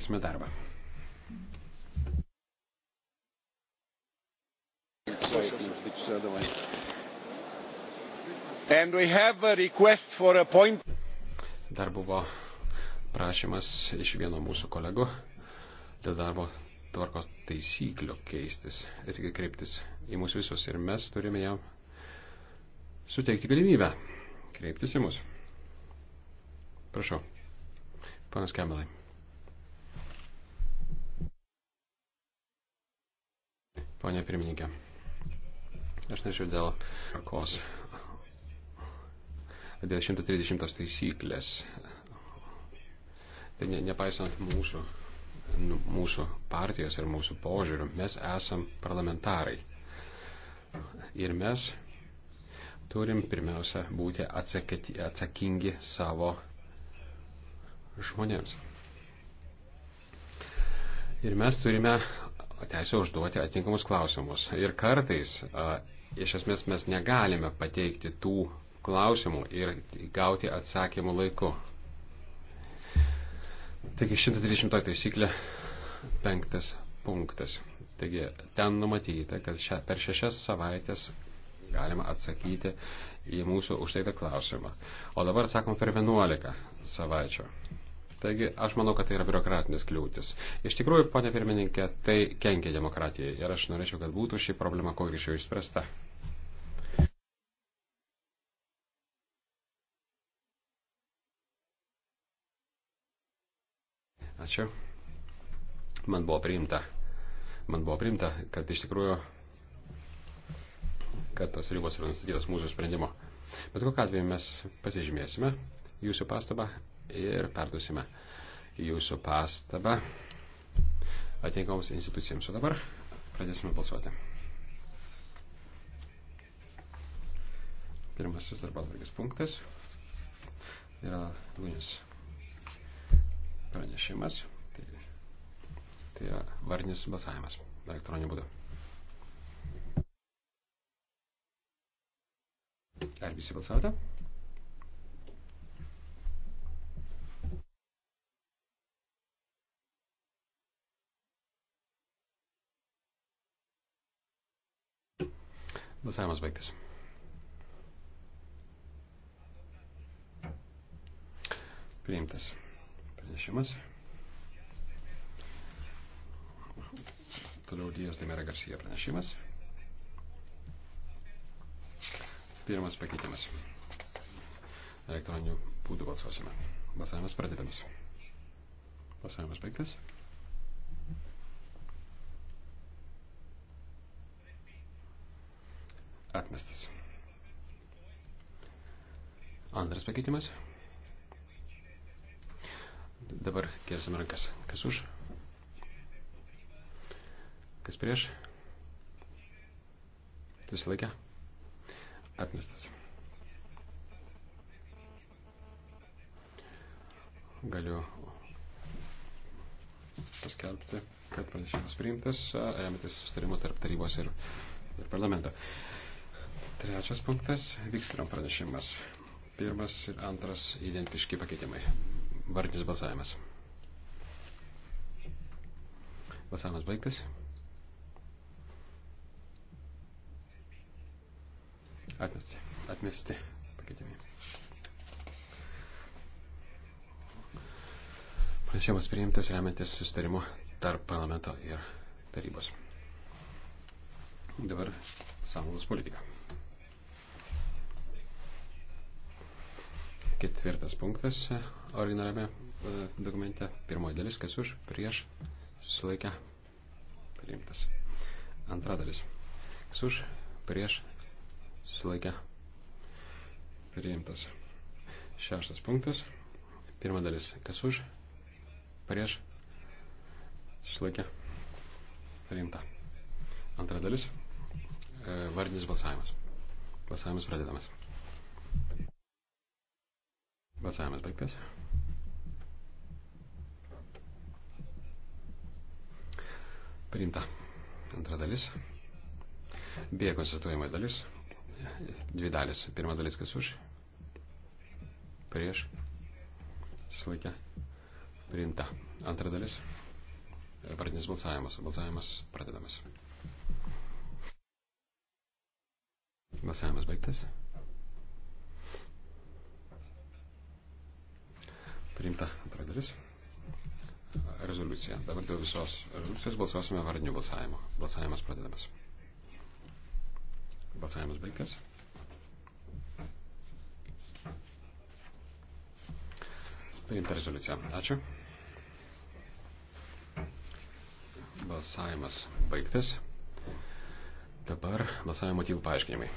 pradėsime darbą. Dar buvo prašymas iš vieno mūsų kolego dėl darbo tvarkos taisyklių keistis ir kreiptis į mūsų visus. Ir mes turime jam suteikti galimybę kreiptis į mus. Prašau, panas Kemelai. ponė pirmininkė. Aš nežinau dėl kos. Dėl 130 taisyklės. Tai ne, nepaisant mūsų, nu, mūsų partijos ir mūsų požiūrių, mes esam parlamentarai. Ir mes turim pirmiausia būti atsakyti, atsakingi savo žmonėms. Ir mes turime teisę užduoti atitinkamus klausimus. Ir kartais iš esmės mes negalime pateikti tų klausimų ir gauti atsakymų laiku. Taigi 130 taisyklė penktas punktas. Taigi ten numatyta, kad šia, per šešias savaitės galima atsakyti į mūsų užteiktą klausimą. O dabar atsakom per 11 savaičių. Taigi aš manau, kad tai yra biurokratinės kliūtis. Iš tikrųjų, ponė pirmininkė, tai kenkia demokratijai ir aš norėčiau, kad būtų ši problema kuo greičiau išspręsta. Ačiū. Man buvo priimta. Man buvo priimta, kad iš tikrųjų, kad tos ribos yra nustatytos mūsų sprendimo. Bet kokiu atveju mes pasižymėsime jūsų pastabą ir perdusime jūsų pastabą atinkamoms institucijoms. O dabar pradėsime balsuoti. Pirmasis darbotvarkės punktas yra Lūnės pranešimas. Tai, tai yra vardinis balsavimas elektroniniu būdu. Ar visi balsavote? Balsavimas baigtas. Priimtas pranešimas. Toliau Dijas Demera Garcija pranešimas. Pirmas pakeitimas. Elektroninių būdų balsuosime. Balsavimas pradedamas. Balsavimas baigtas. atmestas. Antras pakeitimas. Dabar kėsim rankas. Kas už? Kas prieš? Susilaikė? Atmestas. Galiu paskelbti, kad pranešimas priimtas, remiantis sustarimo tarp tarybos ir, ir parlamento. Trečias punktas - Vikstrom pranešimas. Pirmas ir antras identiški pakeitimai. Vardinis balsavimas. Balsavimas baigtas. Atmesti. Atmesti pakeitimai. Pranešimas priimtas remiantis sustarimu tarp parlamento ir tarybos. Dabar sąnaudos politika. Ketvirtas punktas originaliame e, dokumente. Pirmoji dalis, kas už, prieš, susilaikę, priimtas. Antra dalis, kas už, prieš, susilaikę, priimtas. Šeštas punktas. Pirma dalis, kas už, prieš, susilaikę, priimta. Antra dalis, e, vardinis balsavimas. Balsavimas pradedamas. Balsavimas baigtas. Priimta. Antra dalis. B konstatuojama dalis. Dvi dalis. Pirma dalis kas už. Prieš. Susilaikė. Priimta. Antra dalis. Pradinis balsavimas. Balsavimas pradedamas. Balsavimas baigtas. Priimta antra dalis. Rezoliucija. Dabar dėl visos rezoliucijos balsuosime variniu balsavimu. Balsavimas pradedamas. Balsavimas baigtas. Priimta rezoliucija. Ačiū. Balsavimas baigtas. Dabar balsavimo motyvų paaiškinimai.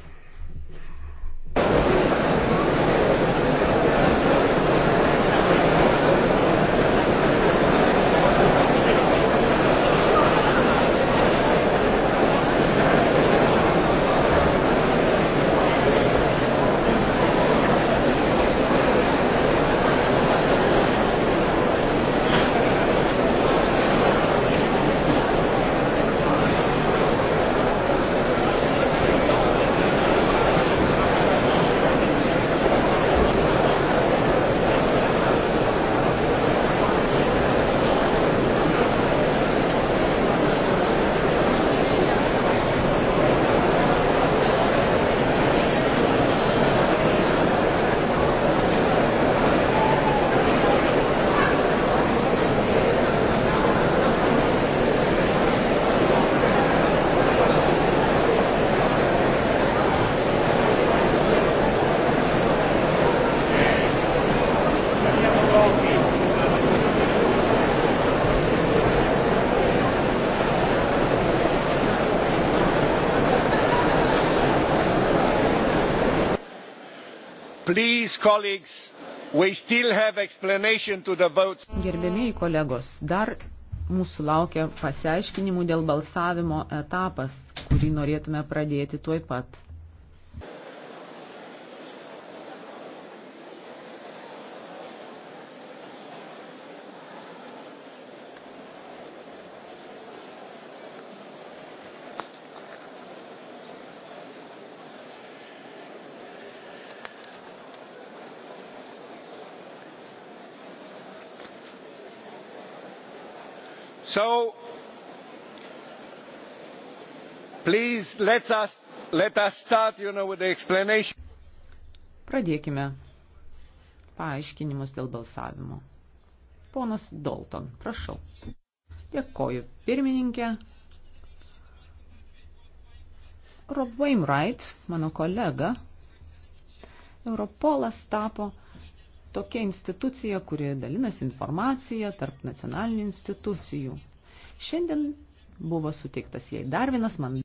Please, colleagues, we still have explanation to the votes. Gerbėmiai kolegos, dar mūsų laukia pasiaiškinimų dėl balsavimo etapas, kurį norėtume pradėti tuoj pat. So, please let us, let us start, you know, with the explanation. Pradėkime paaiškinimus dėl balsavimo. Ponas Dalton, prašau. Dėkoju pirmininkė. Rob Wainwright, mano kolega, Europolas tapo tokia institucija, kuri dalinasi informaciją tarp nacionalinių institucijų. Šiandien buvo suteiktas jai dar vienas mandatas.